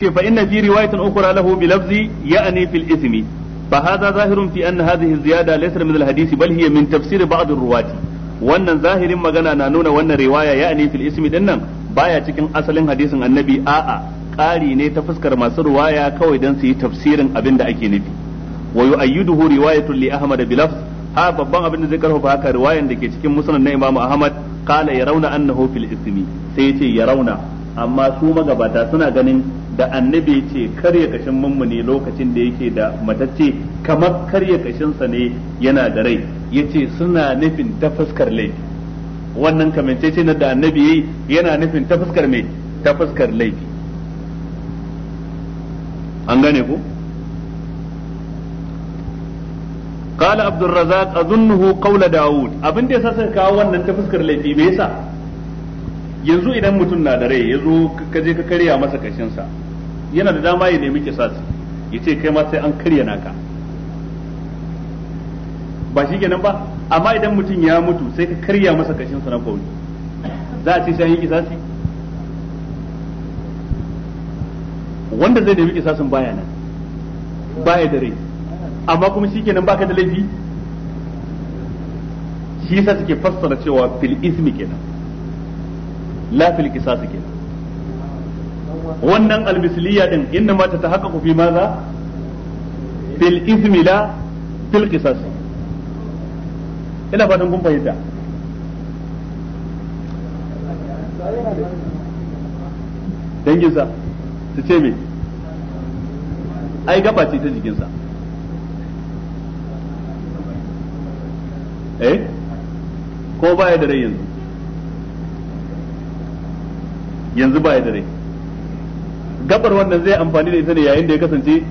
فإن في رواية أخرى له بلفظ يعني في الإثم فهذا ظاهر في أن هذه الزيادة ليس من الحديث بل هي من تفسير بعض الرواة wannan zahirin magana na nuna wannan riwaya ya ne fil din nan baya cikin asalin hadisin annabi a'a ƙari ne ta fuskar masu riwaya kawai don su yi tafsirin abin da ake nufi wa yu'ayyiduhu riwayatun li ahmad bi lafz ha babban abin da zai karfafa haka riwayan da ke cikin musnad na Imam ahmad qala yarawna annahu fil isimi sai yace rauna. amma su magabata suna ganin da annabi ce karya kashin mummuni lokacin da yake da matacce kamar karya kashinsa ne yana da rai yace suna nufin ta fuskar laifi wannan kamancece na da annabi yi yana nufin ta fuskar me ta fuskar laifi an gane ko قال عبد الرزاق أظنه قول داود abin da ya sassa kawo wannan ta fuskar laifi me yasa yanzu idan mutum na da rai yazo ka je ka karya masa kashin sa yana da dama ya nemi kisas ya ce kai ma sai an karya naka ba shi kenan ba amma idan mutum ya mutu sai ka karya masa kashin sa na kauri za a ce sai an yi kisasi wanda zai nemi kisasin baya nan baya da rai amma kuma shi kenan baka da laifi shi yasa suke fassara cewa fil ismi kenan la fil kisasi kenan wannan almisliya din inda ma ta tahaqqaqu fi maza fil izmi la fil qisas ina fatan kun fahimta danginsa su ce me ai gaba ce ta jikinsa eh ko baya da rai yanzu yanzu baya da rai gabar wannan zai amfani da ita ne yayin da ya kasance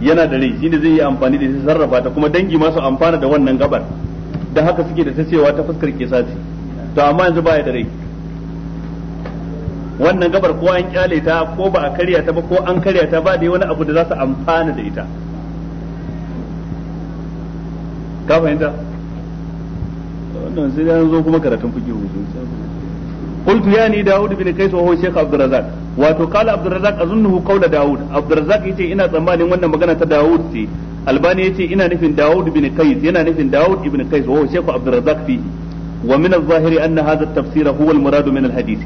yana da rai shine zai yi amfani da ita sarrafa ta kuma dangi masu amfana da wannan gabar da haka suke da ta cewa ta fuskar kisasi to amma yanzu baya da rai wannan gabar ko an kyale ta ko ba a karya ta ba ko an karya ta ba da wani abu da za su amfana da ita ka fahimta wannan sai an zo kuma karatun fiqh hukunci qultu yani daud bin kais wa huwa abdurrazzaq wato qala abdurrazzaq azunnuhu qawla daud abdurrazzaq yace ina tsammanin wannan magana ta daud ce albani yace ina nufin daud ibn qais yana nufin daud ibn qais wa shaykh abdurrazzaq fihi wa min adh-dhahiri anna hadha at-tafsir huwa al-murad min al-hadith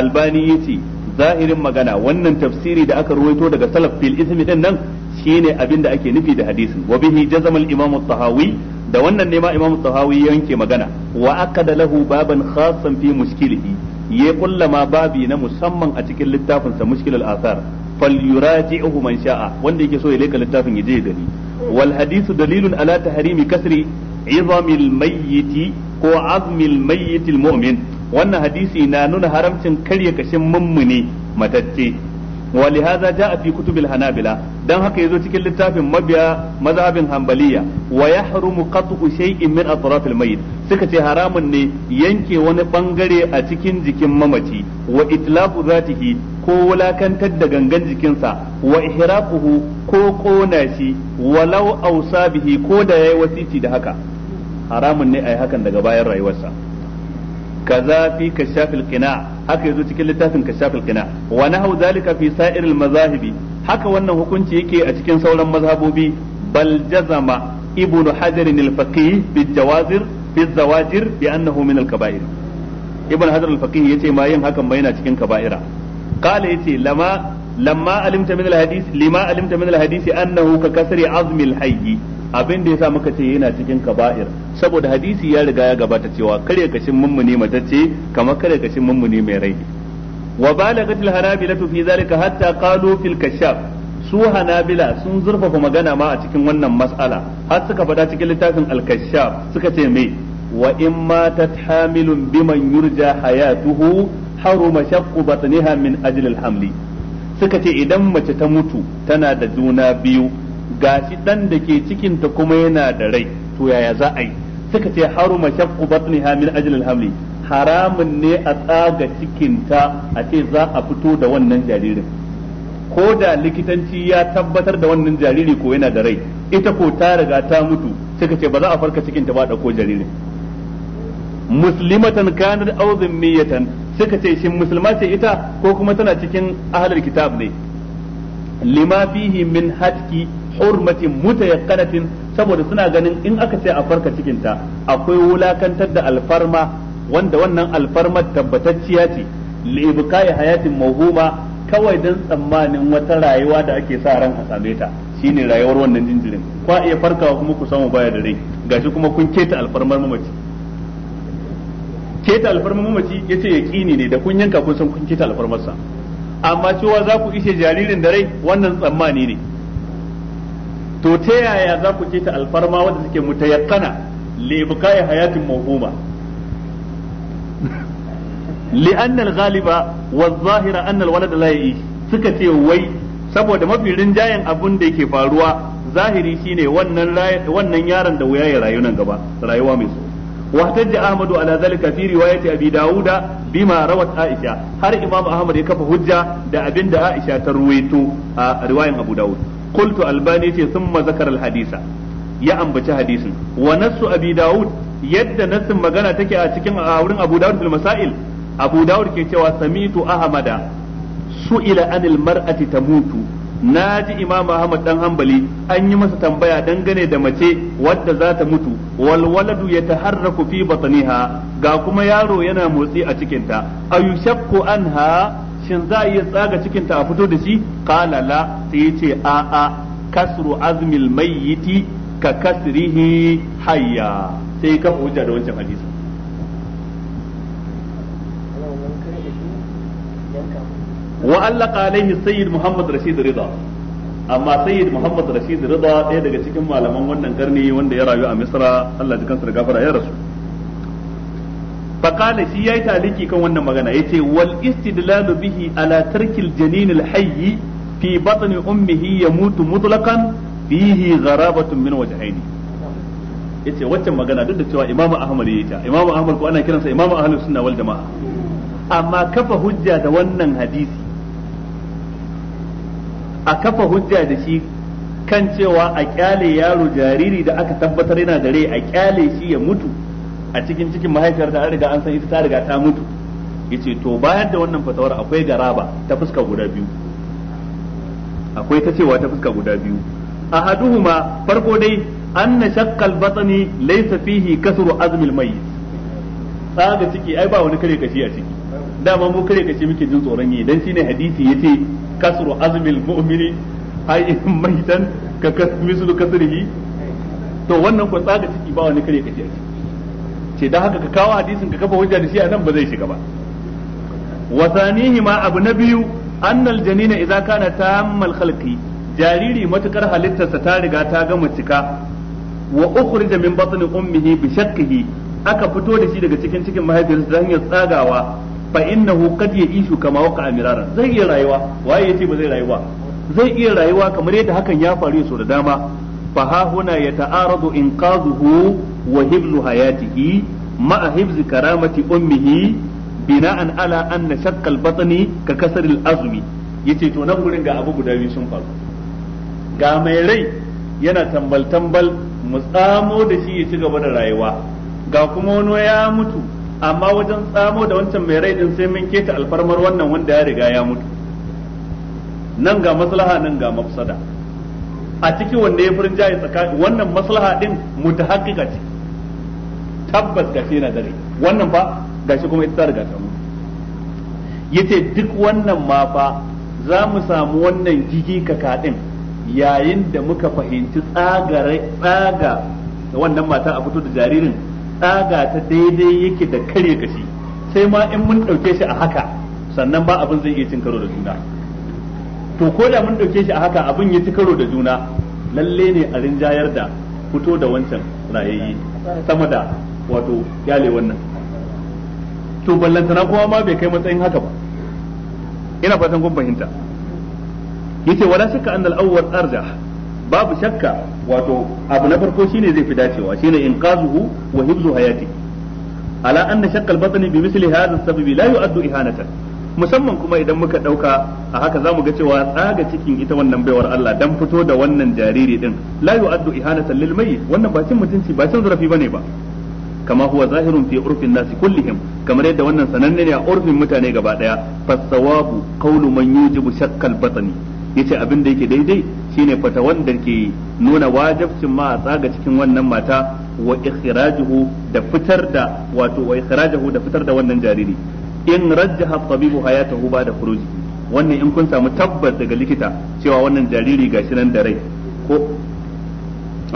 albani yace zahirin magana wannan tafsiri da aka ruwaito daga salaf fil ismi din nan shine abin da ake nufi da hadisin wa bihi jazama al-imam at-tahawi da wannan ne ma imam at-tahawi yanke magana wa da lahu baban khassan fi mushkilihi ya ma babi na musamman a cikin littafin sa mushkilul athar falyuraji'uhu man sha'a wanda yake so ya leka littafin ya je ya gani wal hadithu dalilun ala tahrimi kasri izamil mayyiti ko azmil mayyitil mu'min wannan hadisi na nuna haramcin karya kashin mummune matacce wa lihaza jaa fi kutubil hanabila dan haka yazo cikin littafin mabiya mazhabin hanbaliya wa yahrumu qat'u shay'in min atraf almayit suka ce haramun ne yanke wani bangare a cikin jikin mamaci wa itlaqu zatihi ko wulakantar da gangan jikinsa wa ihraquhu ko kona shi walau ausa bihi ko da yayi wasici da haka haramun ne ayi hakan daga bayan rayuwarsa kaza fi kashafil qina' haka yazo cikin littafin kashafil qina wa nahu zalika fi sa'iril haka wannan hukunci yake a cikin sauran mazhabobi bal jazama ibnu hajar al-faqih bi jawazir fi zawajir bi annahu min al-kaba'ir hajar al-faqih yace ma yin hakan ba yana cikin kaba'ira qala yace lama lamma alimta min al-hadith lima alimta min al-hadith annahu ka kasri azmi al-hayy abin da yasa muka ce yana cikin kaba'ir saboda hadisi ya riga ya gabata cewa kare kashin mummuni matacce kamar kare kashin mummuni mai rai wa balagat al hanabilatu fi zalika hatta qalu fil kashaf su hanabila sun zurfafa magana ma a cikin wannan mas'ala har suka faɗa cikin littafin al kashaf suka ce me wa in matat hamilun biman yurja hayatuhu haruma shaqqu batniha min ajli al hamli suka ce idan mace ta mutu tana da juna biyu gashi dan da ke cikin ta kuma yana da rai to yaya za a yi suka ce haruma shaqqu batniha min ajli al haramun ne a tsaga cikin ta a ce za a fito da wannan jaririn ko da likitanci ya tabbatar da wannan jariri ko yana da rai ita ko ta riga ta mutu suka ce ba za a farka cikin ta ba ko jaririn muslimatan kanar aw miyatan suka ce shin musulma ce ita ko kuma tana cikin ahlul kitab ne lima fihi min hatki hurmati mutayaqqanatin saboda suna ganin in aka ce a farka cikin ta akwai wulakantar da alfarma wanda wannan alfarmar tabbatacciya ce li ya hayatin mawhuma kawai dan tsammanin wata rayuwa da ake sa ran a same ta shine rayuwar wannan jinjirin kwa iya farkawa kuma ku samu baya da rai gashi kuma kun keta alfarmar mamaci keta alfarmar mamaci yace yaqini ne da kun yanka kun san kun keta alfarmarsa amma cewa za ku ishe jaririn da rai wannan tsammani ne to ta yaya za ku ta alfarma wanda suke mutayakkana li ibqa'i hayatin mawhuma li anna ghaliba wa zahira dhahira walad la suka ce wai saboda mafi rinjayen abun da yake faruwa zahiri shine wannan wannan yaron da wuya ya rayu nan gaba rayuwa mai so واحتج احمد على ذلك في روايه ابي Dauda, بما روت Aisha, har امام Ahmad ya kafa hujja da abinda aisha ta ruwaito a riwayan abu dawud qultu albani ce sun zakara alhadisa ya ambaci hadisin wa nasu abi daud yadda nasu magana take a cikin a wurin abu daud fil masail abu daud ke cewa samitu ahmada su'ila anil mar'ati tamutu naji imam ahmad dan hanbali an yi masa tambaya dangane da mace wadda za ta mutu wal waladu yataharraku fi batniha ga kuma yaro yana motsi a cikinta ayushakku anha shin za a iya tsaga cikinta a fito da shi qala la sai ya ce a a kasru azmil mayyiti ka kasrihi hayya sai ka hujja da wancan hadisi wa allaka alaihi sayyid muhammad rashid rida amma sayyid muhammad rashid rida ɗaya daga cikin malaman wannan karni wanda ya rayu a misra Allah ya kansa da gafara ya rasu faqala shi yayi taliki kan wannan magana yace wal istidlalu bihi ala tarkil janin al hayy fi batni ummihi yamutu mutlaqan fihi gharabatun min wajhaini yace waccan magana duk da cewa imamu ahmad yayi ta imamu ahmad ko ana kiransa imamu ahlus sunna wal jamaa amma kafa hujja da wannan hadisi a kafa hujja da shi kan cewa a kyale yaro jariri da aka tabbatar yana gare a kyale shi ya mutu a cikin cikin mahaifiyar ta riga an san ita ta riga ta mutu yace to bayan da wannan fatawar akwai garaba ta fuska guda biyu akwai ta cewa ta fuska guda biyu ahaduhuma farko dai anna shaqqal batni laysa fihi kasru azmil mayyit tsaga ciki ai ba wani kare kashi a ciki dama mu kare kashi muke jin tsoron yi dan shine hadisi yace kasru azmil mu'mini ai maitan ka su kasrihi to wannan ko tsaga ciki ba wani kare kashi a ciki ce da haka ka kawo hadisin ka kafa hujja da shi nan ba zai shiga ba wa sanihi ma abu na biyu annal janina idza kana tammal khalqi jariri matukar halittarsa ta riga ta gama cika wa ukhrija min batni ummihi bi shakkihi aka fito da shi daga cikin cikin mahaifiyarsa ta hanyar tsagawa fa innahu qad ya'ishu kama waqa amirara zai iya rayuwa waye yace ba zai rayuwa zai iya rayuwa kamar yadda hakan ya faru so da dama fa ha huna yata'aradu inqadhuhu wa hiblu hayatihi ma'a hibzi bina'an ala anna shakkal batni ka yace to nan gurin تنبل mai rai yana tambal tambal mu tsamo da shi ya ci gaba da rayuwa ga kuma ya mutu amma wajen tsamo da wancan mai rai din sai mun keta alfarmar wannan wanda ya riga ya mutu nan ga maslaha nan ga mafsada a cikin wanda ya furin jaye tsakani wannan maslaha din mutahaqqiqa ce tabbas gashi yana dare wannan fa gashi kuma ita da gasa yace duk wannan ma fa za mu samu wannan gigi kaka din yayin da muka fahimci tsagare tsaga wannan mata a fito da jaririn tsaga ta daidai yake da kare gashi, sai ma in mun ɗauke shi a haka sannan ba abin zai iya cin karo da juna to ko da mun dauke shi a haka abin ya ci karo da juna lalle ne a rinjayar da fito da wancan rayayye sama da wato yale wannan to ballantana kuma ma bai kai matsayin haka ba ina fatan kun fahimta yace wala shakka annal awwal arjah babu shakka wato abu na farko shine zai fi dacewa shine inqazuhu wa hibzu hayati ala anna shakka al-batni bi misli hadha as-sababi la yu'addu ihanatan musamman kuma idan muka dauka a haka zamu ga cewa tsaga cikin ita wannan baiwar Allah dan fito da wannan jariri din la yu'addu ihanatan lil mayyit wannan ba cin mutunci ba cin zarafi bane ba kama huwa zahirun fi urfin nasi kullihim kamar yadda wannan sananne ne a urfin mutane gaba daya fasawabu qawlu man yujibu shakkal batni yace abin da yake daidai shine fata wanda ke nuna wajibcin ma a tsaga cikin wannan mata wa ikhrajuhu da fitar da wato wa ikhrajuhu da fitar da wannan jariri in rajjaha tabibu hayatahu ba da furuji wannan in kun samu tabbas daga likita cewa wannan jariri gashi nan da rai ko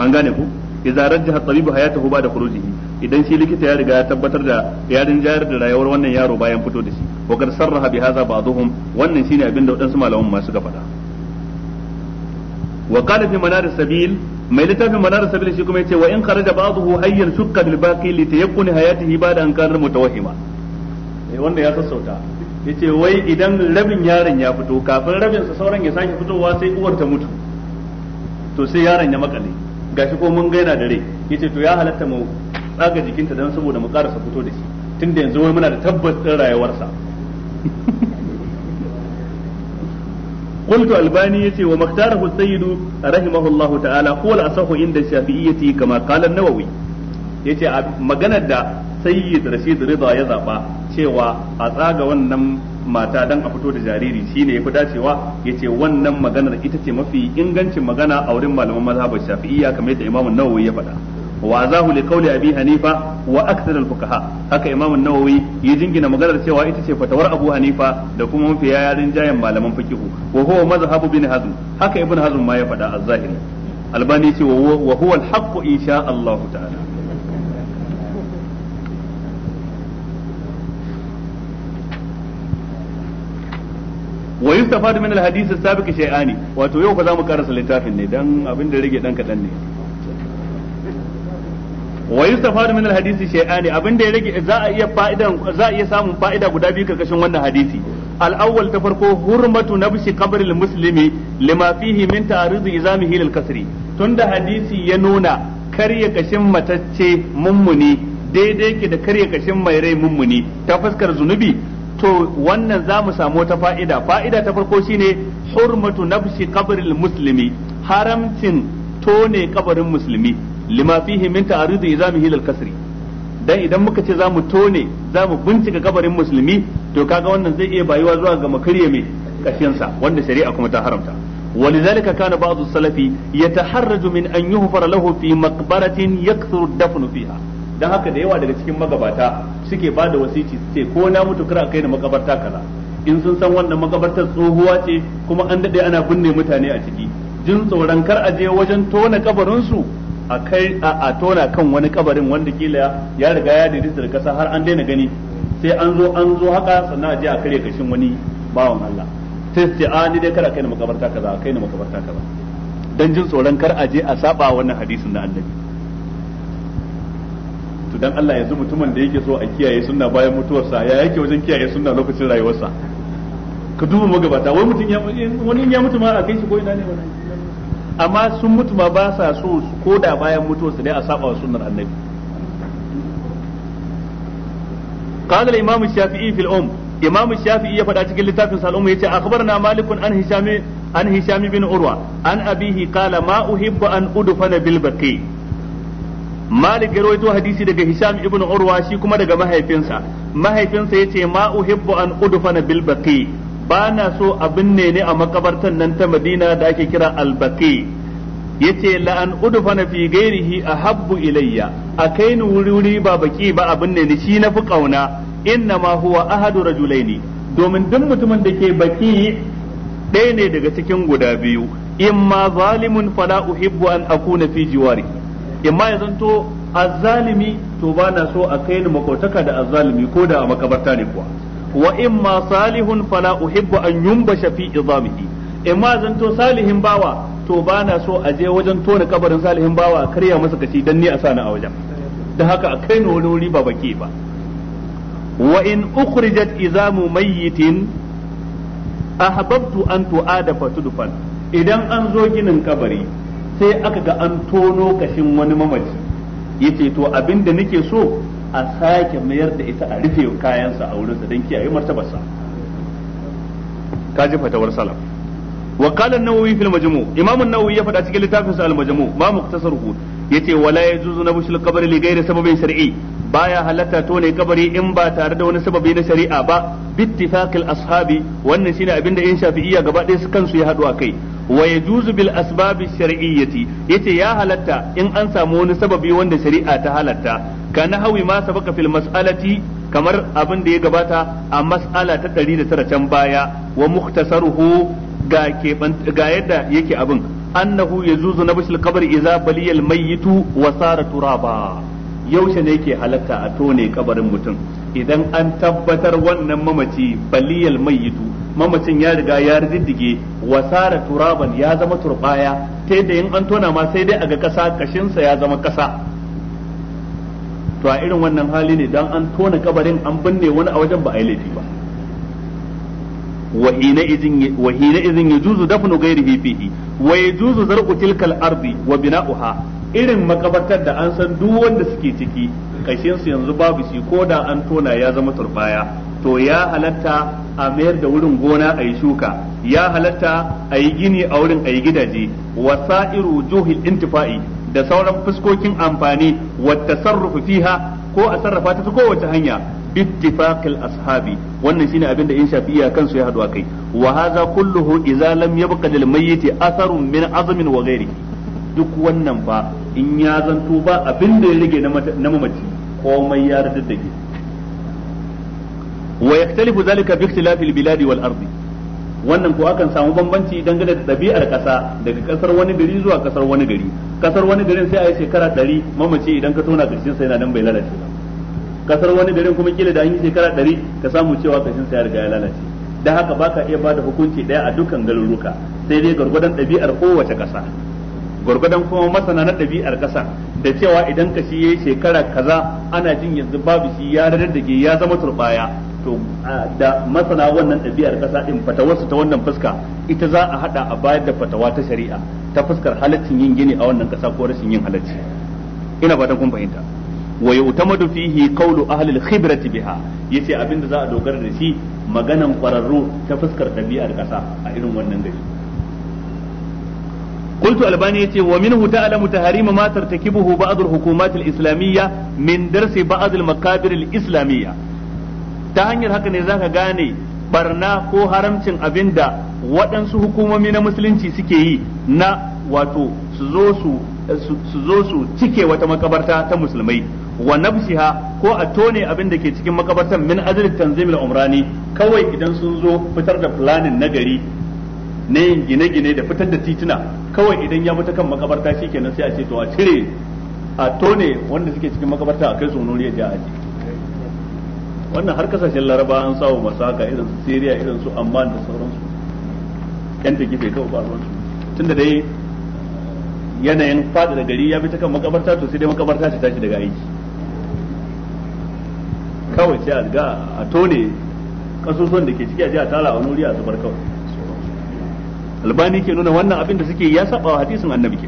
an gane ku idza rajjaha tabibu hayatahu ba da furujihi idan shi likita ya riga ya tabbatar da yarin jarir da rayuwar wannan yaro bayan fito da shi wa kar sarraha bi hadha ba'dhum wannan shine abin da wadansu malaman ma suka faɗa wa qala fi manar sabil mai littafin manar sabil shi kuma yace wa in kharaja ba'dhu hayyan shukka bil baqi li tayaqquni hayatihi ba'da an kana mutawahhima Eh, wanda ya sassauta yace wai idan rabin yaron ya fito kafin rabin sa sauran ya sake fitowa sai uwar ta mutu to sai yaron ya makale gashi ko mun gaina da rai yace to ya halatta mu tsaga jikinta dan saboda mu karasa fito da shi tunda yanzu wai muna da tabbas din rayuwarsa قلت الباني يتي ومختاره السيد رحمه الله تعالى هو الاصح عند الشافعية كما قال النووي yace maganar da sayyid rashid rida ya zaba cewa a tsaga wannan mata dan a fito da jariri shine yafi dacewa yace wannan maganar ita ce mafi ingancin magana a wurin malaman mazhabar shafi'iyya kamar yadda imamu nawawi ya faɗa wa zahu li qawli abi hanifa wa akthar al fuqaha haka imamu nawawi ya jingina maganar cewa ita ce fatawar abu hanifa da kuma mafi yarin jayan malaman fiqhu wa huwa mazhabu bin hazm haka ibn hazm ma ya faɗa az-zahiri albani ce wa huwa al-haqqu insha Allah ta'ala wa yustafadu min alhadith as-sabiq shay'ani wato yau ka zamu karasa littafin ne dan abin da rage dan kadan ne wa yustafadu min alhadith shay'ani abin da ya rage za a iya fa'idan za a iya samun fa'ida guda biyu karkashin wannan hadisi Al'awwal ta farko hurmatu nabshi qabri al-muslimi lima fihi min ta'arud izamihi lil kasri tunda hadisi ya nuna karya kashin matacce mummuni daidai ke da karya kashin mai rai mummuni ta fuskar zunubi to wannan za mu samu wata fa'ida fa'ida ta farko shine hurmatu nafsi qabril muslimi haramcin tone kabarin musulmi lima fihi min ta'aridu izamihi lil kasri dan idan muka ce zamu tone mu bincika kabarin musulmi to kaga wannan zai iya bayuwa zuwa ga makarye mai kashinsa wanda shari'a kuma ta haramta ولذلك كان بعض السلف يتحرج من أن يغفر له في مقبرة يكثر الدفن فيها dan haka da yawa daga cikin magabata suke ba da wasici su ce ko na mutu kar a kai na makabarta kaza in sun san wannan makabartar tsohuwa ce kuma an dade ana binne mutane a ciki jin tsoron kar a je wajen tona kabarin su a kai a tona kan wani kabarin wanda kila ya riga ya daidaita da kasa har an daina gani sai an zo an zo haka sannan a je a kare kashin wani bawan Allah sai su ce a ni dai kar a kai na makabarta kaza a kai na makabarta kaza dan jin tsoron kar a je a saba wannan hadisin na annabi to dan Allah yanzu mutumin da yake so a kiyaye sunna bayan mutuwarsa ya yake wajen kiyaye sunna lokacin rayuwarsa ka duba magabata wai mutum ya wani ya mutu ma a kai shi ko ina ne amma sun mutu ma ba sa so su koda bayan mutuwarsa dai a saba wa sunnar annabi قال الإمام الشافعي في الأم إمام الشافعي يفعل أتكلم لتاف الأم يتي أخبرنا مالك عن هشام عن هشام بن عروة عن أبيه قال ما an أن أدفن بالبقيع malik ya rawaito hadisi daga hisham ibn urwa shi kuma daga mahaifinsa mahaifinsa yace ma uhibbu an udfana bil baqi ba na so abin ne ne a makabartan nan ta madina da ake kira al baqi yace la an udfana fi ghairihi ahabbu ilayya a kai ni wuri wuri ba baki ba abin ne ni shi nafi kauna inna ma huwa ahadu rajulaini domin duk mutumin da ke baki ɗaya ne daga cikin guda biyu in ma zalimun fala uhibbu an akuna fi jiwari imma ya zanto azzalimi to ba na so a kai ni makotaka da azzalimi ko da a makabarta ne kuwa wa imma salihun fala uhibbu an yumbasha fi idamihi imma zanto salihin bawa to ba na so a je wajen tona kabarin salihin bawa a karya masa kashi dan ni a sani a wajen da haka a kai ni wani wuri ba baki ba wa in ukhrijat izamu mayyitin ahbabtu an tu'ada fatudfan idan an zo ginin kabari sai aka ga an tono kashin wani mamaci ya ce to abinda nake so a sake mayar da ita a rufe kayansa a wurinsa don kiyaye martabarsa kaji fatawar salaf wa qala an-nawawi fil majmu' imam an-nawawi ya faɗa cikin littafin sa al-majmu' ma muktasaruhu yace wala yajuzu nabshul qabri li ghairi sababin shar'i baya halatta tone kabari in ba tare da wani sababi na shari'a ba bittifaqil ashabi wannan shine abinda in shafi'iyya gaba ɗaya su kansu ya haɗu a kai wa juzu bil asbabi ya yace ya halatta in an samu wani sababi wanda shari'a ta halatta kana hawi ma sabaka fil mas'alati kamar abin da ya gabata a mas'ala ta ɗari 109 can baya wa mukhtasaruhu ga ga yadda yake abin annahu yajuzu nabshil qabr idza baliyal mayyitu wa sara turaba yaushe ne yake halatta a tone kabarin mutum idan an tabbatar wannan mamaci baliyal mayyitu mamacin ya riga ya riddige wasara turaban ya zama turbaya ta yadda in an tona ma sai dai a ga kasa kashinsa ya zama kasa to a irin wannan hali ne dan an tona kabarin an binne wani a wajen ba a yi laifi ba dafnu gairi يجوز دفن غيره فيه ويجوز tilkal ardi wa bina'uha irin makabartar da an san duk wanda suke ciki kashin su yanzu babu shi ko da an tona ya zama turbaya to ya halatta a mayar da wurin gona a yi shuka ya halatta a yi gini a wurin a yi gidaje wasa'iru juhil intifa'i da sauran fuskokin amfani wa tasarrufu fiha ko a sarrafa ta kowace hanya bittifaqil ashabi wannan shine abin da in shafi kansu ya hadu a wa hadha kulluhu idza lam yabqa lil mayyit atharun min azmin wa ghairihi duk wannan fa in ya zanto ba abin da ya rage na mamaci komai ya ke wa yaktalifu zalika bi ikhtilafil biladi wal ardi wannan ko akan samu bambanci dangane da dabi'ar kasa daga ƙasar wani gari zuwa ƙasar wani gari kasar wani garin sai a yi shekara 100 mamace idan ka tona kashin sai yana nan bai lalace ba ƙasar wani garin kuma kila da an yi shekara ɗari ka samu cewa kashin sai ya riga ya lalace da haka baka iya bada hukunci daya a dukkan garuruka sai dai gwargwadon dabi'ar kowace kasa gwargwadon kuma masana na ɗabi'ar ƙasa da cewa idan ka shi yayi shekara kaza ana jin yanzu babu shi ya da ya zama turbaya to da masana wannan ɗabi'ar ƙasa ɗin fatawarsu ta wannan fuska ita za a haɗa a bayar da fatawa ta shari'a ta fuskar halaccin yin gini a wannan ƙasa ko rashin yin halacci ina fatan kun fahimta wa yu'tamadu fihi qawlu ahli al-khibrati biha yace abinda za a dogara da shi maganan kwararru ta fuskar ɗabi'ar ƙasa a irin wannan gari قلت الباني يتي ومنه تعلم تحريم ما ترتكبه بعض الحكومات الإسلامية من درس بعض المقابر الإسلامية تهنير هكا نزاك غاني barna ko haramcin abin da waɗansu hukumomi na musulunci suke yi na wato su zo su cike wata makabarta ta musulmai wa nabshiha ko a tone abin da ke cikin makabartan min ajli tanzimil umrani kawai idan sun zo fitar da na gari. na yin gine-gine da fitar da tituna kawai idan ya mutu kan makabarta shi kenan sai a ce to a cire a tone wanda suke cikin makabarta a kai su nuri a aji wannan har kasashen laraba an samu masu haka irin su siriya irin su amma da sauransu yan da gife kawai ba da dai yanayin fada da gari ya bi ta kan makabarta to sai dai makabarta ta tashi daga aiki kawai sai a ga a tone kasusuwan da ke ciki a ji a tala a nuriya a zubar kawai albani ke nuna wannan abin da suke ya saba wa hadisin annabi ke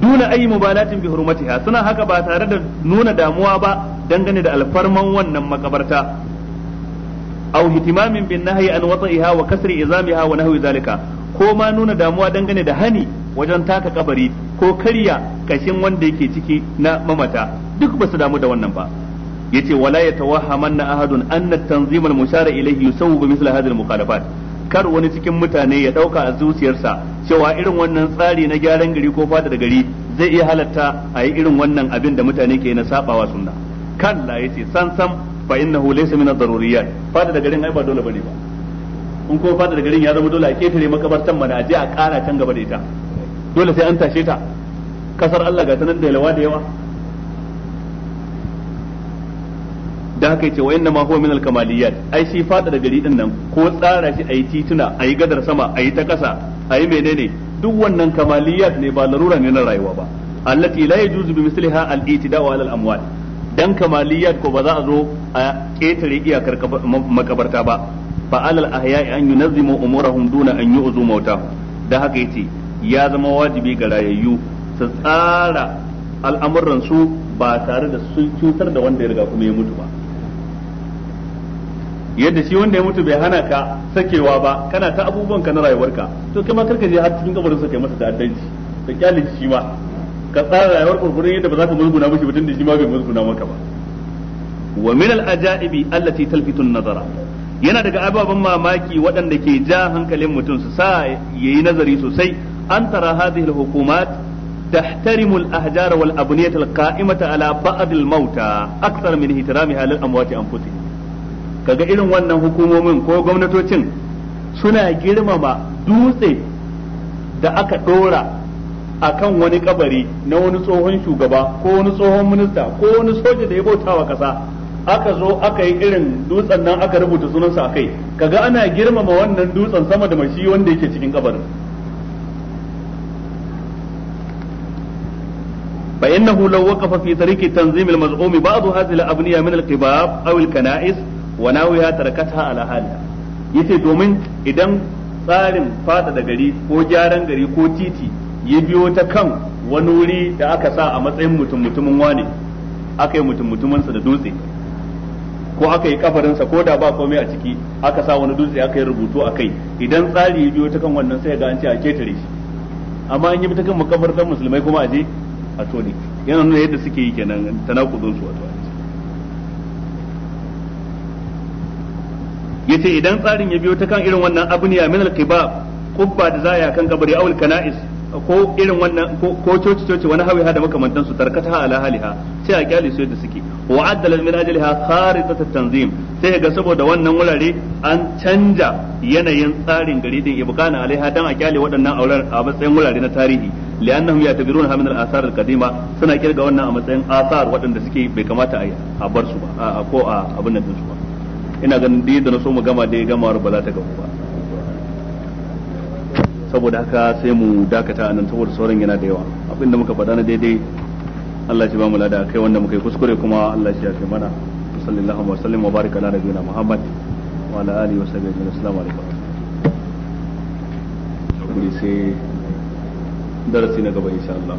duna ayi mubalatin bi hurmatiha suna haka ba tare da nuna damuwa ba dangane da alfarman wannan makabarta aw hitimamin bin nahyi an wata'iha wa kasri izamiha wa nahwi zalika ko ma nuna damuwa dangane da hani wajen taka kabari ko karya kashin wanda yake ciki na mamata duk ba su damu da wannan ba yace wala yatawahhamanna ahadun anna tanzimal tanzim al-mushara ilayhi yusawwu bi mithla hadhihi al kar wani cikin mutane ya dauka a zuciyarsa cewa irin wannan tsari na gyaran gari ko fada da gari zai iya halatta a yi irin wannan abin da mutane ke na sabawa sunna kan la yace san sam fa innahu laysa min ad-daruriyat fada da garin ai ba dole bane ba in ko fada da garin ya zama dole a ketare makabartan mana aje a kara can gaba da ita dole sai an tashe ta kasar Allah ga nan da yalwa da yawa da haka yace wa ma huwa min al kamaliyat ai shi fada da gari din nan ko tsara shi ayi tituna ayi gadar sama ayi ta kasa ayi menene duk wannan kamaliyat ne ba larura ne na rayuwa ba allati la yajuzu bi misliha al itida'u ala al amwal dan kamaliyat ko ba za a zo a ketare iyakar makabarta ba fa alal ahya'i an yunazzimu umurahum duna an yu'zu mauta da haka yace ya zama wajibi ga rayayyu su tsara al'amuran su ba tare da sun cutar da wanda ya riga kuma ya mutu ba yadda shi wanda ya mutu bai hana ka sakewa ba kana ta abubuwan ka na rayuwarka to kai ma karka je har cikin kabarin sa kai masa ta'addanci ka kyale shi ma ka tsara rayuwar kurkurin yadda ba za ka musguna mishi mutum da shi ma bai musguna maka ba wa min al ajaibi allati talfitu nazara yana daga ababen mamaki waɗanda ke ja hankalin mutum su sa yayi nazari sosai an tara hadhihi al hukumat تحترم الأحجار والأبنية القائمة على بعض الموتى أكثر من احترامها للأموات أنفسهم kaga irin wannan hukumomin ko gwamnatocin suna girmama dutse da aka dora akan wani kabari na wani tsohon shugaba ko wani tsohon minista ko wani soja da ya bautawa kasa aka zo aka yi irin dutsen nan aka rubuta sunansa a kai kaga ana girmama wannan dutsen sama da mashi wanda yake cikin kabarin فإنه لو وقف في طريق تنظيم المزعوم بعض هذه الأبنية من القباب أو الكنائس wa nawiya tarakatha ala haliha yace domin idan tsarin fada da gari ko gyaran gari ko titi ya biyo ta kan wani wuri da aka sa a matsayin mutum mutumin wane aka yi mutum sa da dutse ko aka yi kafarinsa ko da ba komai a ciki aka sa wani dutse aka yi rubutu a kai idan tsari ya biyo ta kan wannan sai ga an ce a ketare shi amma an yi ta kan dan musulmai kuma a je a tone yana nuna yadda suke yi kenan tanakudin su wato yace idan tsarin ya biyo ta kan irin wannan abniya min al-qibab qubba da zaya kan kabari aw kanais ko irin wannan ko coci coci wani hawiha da makamantan su tarkata ala haliha sai a kyale su yadda suke wa addala min ajliha kharitat tanzim sai ga saboda wannan wurare an canja yanayin tsarin gari din ibqana alaiha dan a kyale waɗannan auren a matsayin wurare na tarihi li'annahum ya'tabiruna min al-athar al-qadima suna kirga wannan a matsayin asar waɗanda suke bai kamata a bar su ba ko a abin nan su ba ina ganin dai da na so mu gama dai gama ba za ta gamu ba saboda haka sai mu dakata a nan saboda sauran yana da yawa abin da muka faɗa na daidai Allah shi ba mu lada kai wanda muka yi kuskure kuma Allah shi ya fi mana sallallahu wa sallam wa baraka ala nabiyina Muhammad wa ala alihi wa sahbihi assalamu alaikum sai darasi na gaba insha Allah